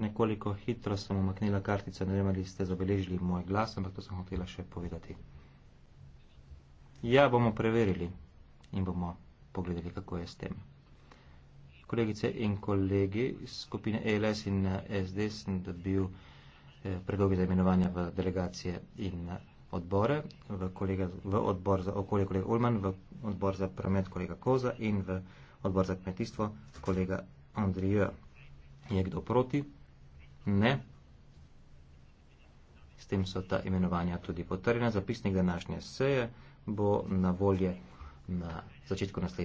nekoliko hitro sem omaknila kartico, ne vem, ali ste zabeležili moj glas, ampak to sem hotela še povedati. Ja, bomo preverili in bomo pogledali, kako je s tem. Kolegice in kolegi iz skupine ELS in eh, SD sem dobil eh, predloge za imenovanja v delegacije in eh, odbore, v, kolega, v odbor za okolje kolega Ulman, v odbor za promet kolega Koza in v odbor za kmetijstvo kolega Andrija. Je kdo proti? Ne. S tem so ta imenovanja tudi potrjena. Zapisnik današnje seje bo na volje na začetku naslednje.